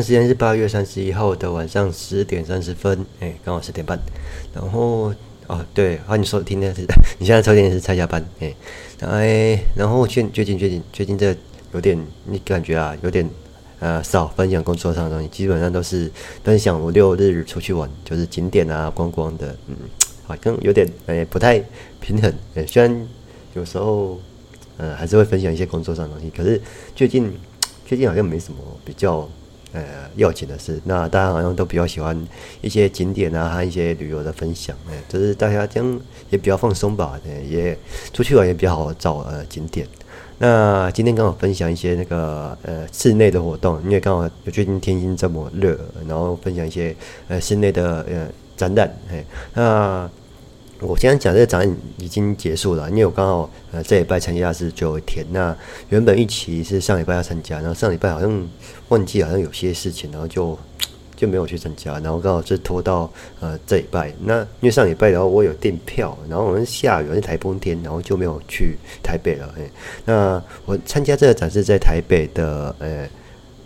時間是八月三十一號的晚上十點三十分，誒、欸，剛好十點半。然後，啊、哦，對，啊、你說的聽的是你現在抽點是蔡家班，誒、欸，然後，然後，現最近最近最近這有點，你感覺啊，有點呃少分享工作上的東西，基本上都是分享五六日出去玩，就是景點啊、觀光、光的，嗯，好、嗯、像有點誒、欸，不太平衡。欸、雖然有時候呃還是會分享一些工作上的東西，可是最近最近好像沒什麼比較。呃，要緊的事。那大家好像都比較喜歡一些景點啊，和一些旅遊的分享。哎、欸，就是大家這樣也比較放鬆吧、欸。也出去玩也比較好找呃景點。那今天剛好分享一些那個呃室內的活動，因為剛好最近天氣這麼熱，然後分享一些呃室內的呃展覽。哎、欸，那。我今天講這個展已經結束了，因為我剛好呃這禮拜參加的是最後一天。那原本預期是上禮拜要參加，然後上禮拜好像忘記好像有些事情，然後就就沒有去參加。然後剛好是拖到呃這禮拜。那因為上禮拜然後我有訂票，然後我們下雨，是台風天，然後就沒有去台北了。欸、那我參加這個展是在台北的呃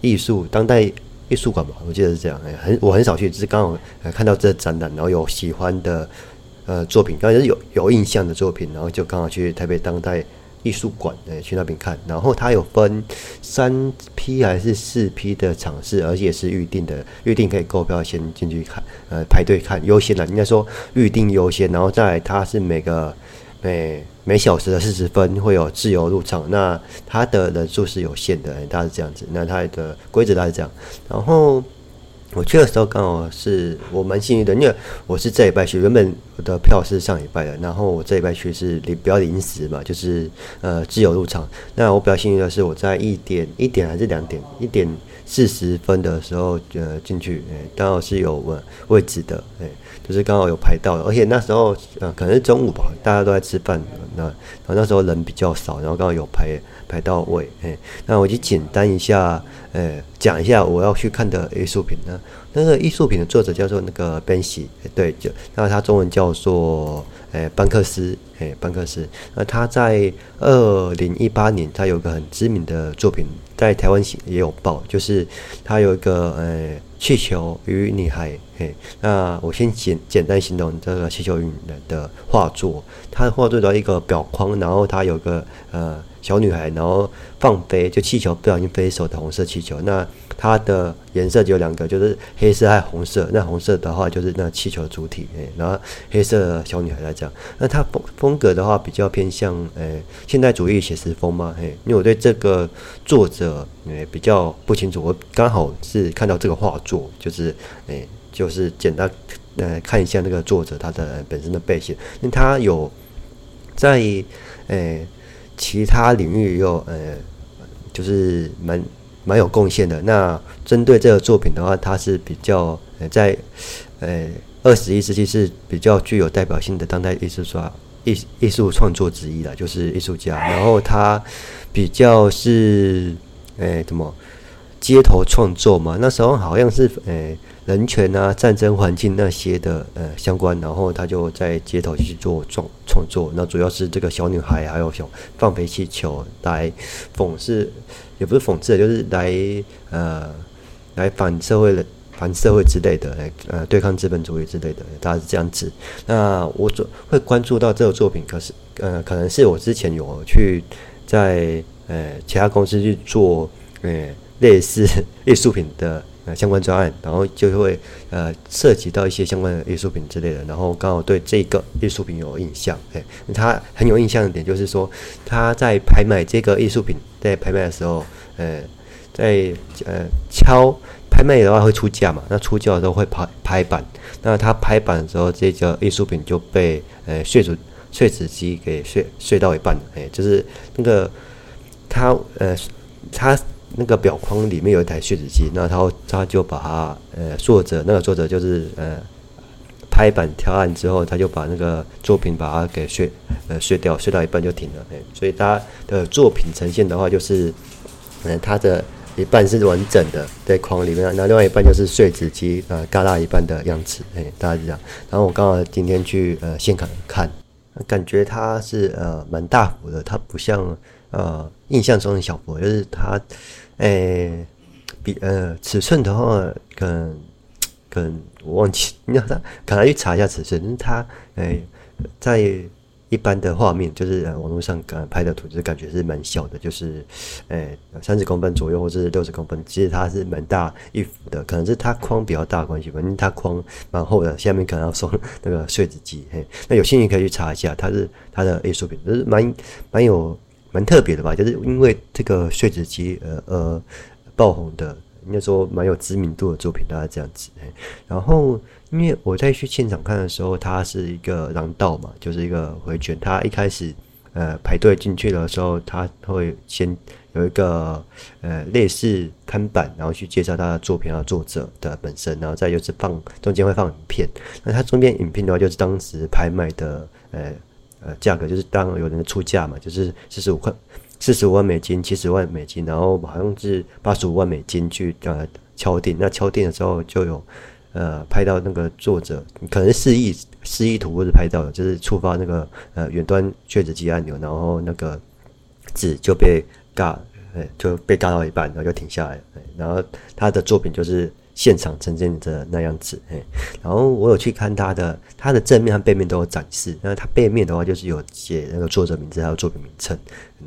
藝術當代藝術館嘛，我記得是這樣。欸、很我很少去，只、就是剛好、呃、看到這個展覽，然後有喜歡的。呃，作品當然是有有印象的作品，然後就剛好去台北當代藝術館，哎、欸，去那邊看。然後它有分三批還是四批的場次，而且也是預定的，預定可以購票先進去看，呃，排隊看優先的，應該說預定優先。然後再來它是每個每、欸、每小時的四十分會有自由入場，那它的人數是有限的、欸，它是這樣子，那它的規則它是這樣，然後。我去的時候剛好是我蠻幸運的，因為我是這禮拜去，原本我的票是上禮拜的，然後我這禮拜去是臨比較臨時嘛，就是呃自由入場。那我比較幸運的是我在一點一點還是兩點一點四十分的時候呃進去，哎、欸、剛好是有位位置的，哎、欸、就是剛好有排到，而且那時候呃可能是中午吧，大家都在吃飯。啊，然後那時候人比較少，然後剛好有排排到位，哎，那我就簡單一下，呃、哎，講一下我要去看的藝術品呢。那個藝術品的作者叫做那個 Banksy，哎，對，就那他中文叫做，呃、哎，班克斯，哎，班克斯。那他在二零一八年，他有個很知名的作品，在台灣也有報，就是他有一個呃、哎，氣球與女孩。嘿，那我先簡簡單形容這個氣球女的畫作。她畫作的一個表框，然後她有個呃小女孩，然後放飛就氣球不小心飛手的紅色氣球。那它的顏色只有兩個，就是黑色還紅色。那紅色的話就是那氣球主體，嘿，然後黑色小女孩來講。那她風風格的話比較偏向誒現代主義寫實風嘛。嘿，因為我對這個作者誒比較不清楚，我剛好是看到這個畫作，就是誒。就是簡單呃看一下那個作者他的本身的背景，那他有在呃其他領域也有呃就是蠻蠻有貢獻的。那針對這個作品的話，他是比較呃在呃二十一世紀是比較具有代表性的當代藝術創藝藝術創作之一的就是藝術家。然後他比較是哎、呃、怎麼？街頭創作嘛，那時候好像是呃、欸、人權啊、戰爭環境那些的呃相關，然後他就在街頭去做創創作。那主要是這個小女孩還有小放飛氣球來諷刺，也不是諷刺，就是來呃來反社會的反社會之類的，來呃對抗資本主義之類的。大概是這樣子。那我總會關注到這個作品，可是呃，可能是我之前有去在呃其他公司去做呃。類似藝術品的呃相關專案，然後就會呃涉及到一些相關的藝術品之類的，然後剛好對這個藝術品有印象，哎、欸，他很有印象的點就是說他在拍賣這個藝術品在拍賣的時候，呃，在呃敲拍賣的話會出價嘛，那出價的時候會拍拍板，那他拍板的時候這個藝術品就被呃碎紙碎紙機給碎碎到一半，哎、欸，就是那個他呃他。那個表框裡面有一台碎紙機，那他他就把他呃作者，那個作者就是呃拍板跳案之後，他就把那個作品把它給碎呃碎掉，碎到一半就停了，所以他的作品呈現的話就是，嗯、呃，他的一半是完整的在框裡面，那另外一半就是碎紙機呃嘎啦一半的樣子，哎，大家知道。然後我剛好今天去呃現場看，看，感覺它是呃蠻大幅的，它不像。呃，印象中的小幅就是它，誒、欸，比呃尺寸的話，可能，可能我忘記，要他可能去查一下尺寸。但它誒、欸，在一般的畫面，就是、呃、網絡上可能拍的圖，就是感覺是蠻小的，就是誒三十公分左右，或者是六十公分。其實它是蠻大一幅的，可能是它框比較大的關係，因為它框蠻厚的，下面可能要收那個碎紙機。嘿，那有興趣可以去查一下，它是它的藝術品，就是蠻蠻有。蠻特別的吧，就是因為這個《碎紙機》呃呃爆紅的，應該說蠻有知名度的作品，大概這樣子、欸。然後，因為我在去現場看的時候，它是一個廊道嘛，就是一個回圈。他一開始呃排隊進去的時候，他會先有一個呃類似看板，然後去介紹他的作品、啊、作者的本身，然後再就是放中間會放影片。那他中間影片的話，就是當時拍賣的呃。呃，價格就是當有人出價嘛，就是四十五塊、四十五萬美金、七十萬美金，然後好像是八十五萬美金去呃敲定。那敲定的時候就有呃拍到那個作者可能示意示意圖，或是拍照，就是觸發那個呃遠端碎紙機按鈕，然後那個紙就被尬，哎、欸、就被尬到一半，然後就停下來、欸。然後他的作品就是。現場呈現的那樣子，哎、欸，然後我有去看他的，他的正面和背面都有展示。那他背面的話，就是有寫那個作者名字還有作品名稱。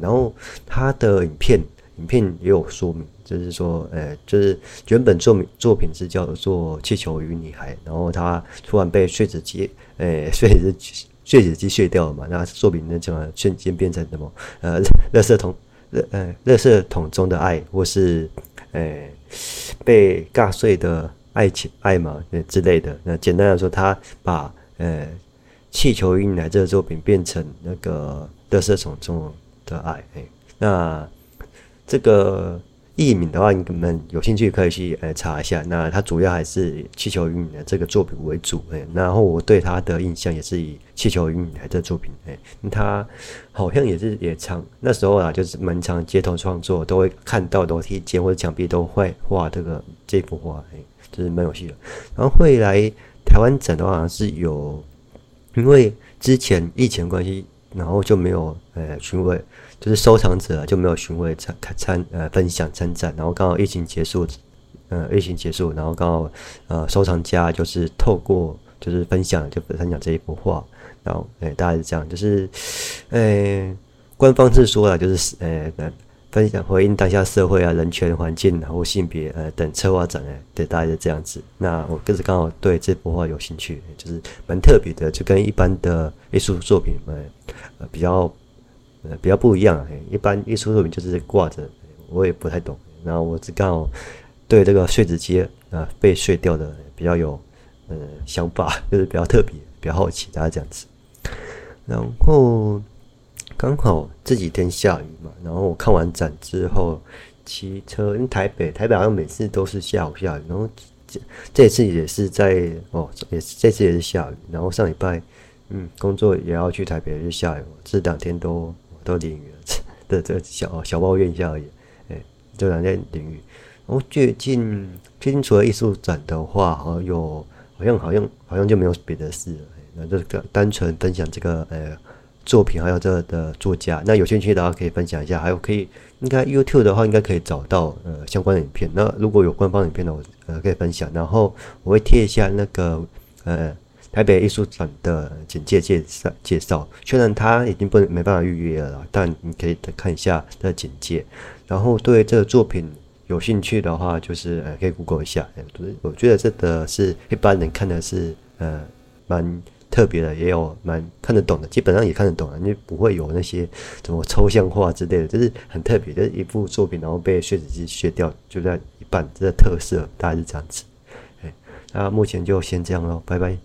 然後他的影片，影片也有說明，就是說，呃、欸，就是原本作作品是叫做《氣球與女孩》，然後他突然被碎紙機，呃、欸，碎紙碎紙機碎掉了嘛。那作品名稱瞬間變成什麼？呃，垃圾桶，呃、欸，垃圾桶中的愛，或是。哎，被尬碎的愛情、愛嘛、哎、之類的。那簡單來說，他把呃氣、哎、球運來這個作品變成那個垃圾桶中的愛。哎、那這個。藝名的話，你們有興趣可以去呃、欸、查一下。那他主要還是《氣球雲》的這個作品為主誒、欸。然後我對他的印象也是以《氣球雲》來這個作品誒。他、欸、好像也是也常那時候啊，就是蠻常街頭創作，都會看到樓梯間或者牆壁都會畫這個這幅畫誒、欸，就是蠻有趣的。然後會來台灣展的話，好像是有因為之前疫情關係。然後就沒有呃詢問，就是收藏者就沒有詢問參參呃分享參展。然後剛好疫情結束，呃疫情結束，然後剛好呃收藏家就是透過就是分享就分享這一幅畫，然後誒大概是這樣，就是呃官方是說了就是呃。誒誒分享，回應當下社會啊、人權環境，然後性別呃等策劃展哎、呃，對，大概這樣子。那我更是剛好對這幅畫有興趣，呃，就是蠻特別的，就跟一般的藝術作品呃比較呃比較不一樣，呃。一般藝術作品就是掛着，呃，我也不太懂。然後我只剛好對這個碎紙機啊被碎掉的比較有呃想法，就是比較特別，比較好奇大概、呃、這樣子。然後。剛好這幾天下雨嘛，然後我看完展之後騎車，因為台北台北好像每次都是下午下雨，然後這這次也是在，哦，也是這次也是下雨，然後上禮拜嗯工作也要去台北就下雨，這兩天都都淋雨了，這這小小抱怨一下而已，哎這兩天淋雨，然後最近最近除了藝術展的話，好像有好像好像好像就沒有別的事了。那這個單純分享這個呃。哎作品還有這的作家，那有興趣的話可以分享一下，還有可以應該 YouTube 的話應該可以找到呃相關的影片。那如果有官方影片呢，我呃可以分享，然後我會貼一下那個呃台北藝術展的簡介介紹介紹，雖然他已經不能沒辦法預約了，但你可以看一下他的簡介。然後對這個作品有興趣的話，就是呃可以 Google 一下，呃、我覺得這個是一般人看的是呃蠻。特別的也有蠻看得懂的，基本上也看得懂了，就不會有那些什麼抽象畫之類的，就是很特別，就是一部作品，然後被碎紙機削掉就在一半，這個特色大概是這樣子。哎，那目前就先這樣咯，拜拜。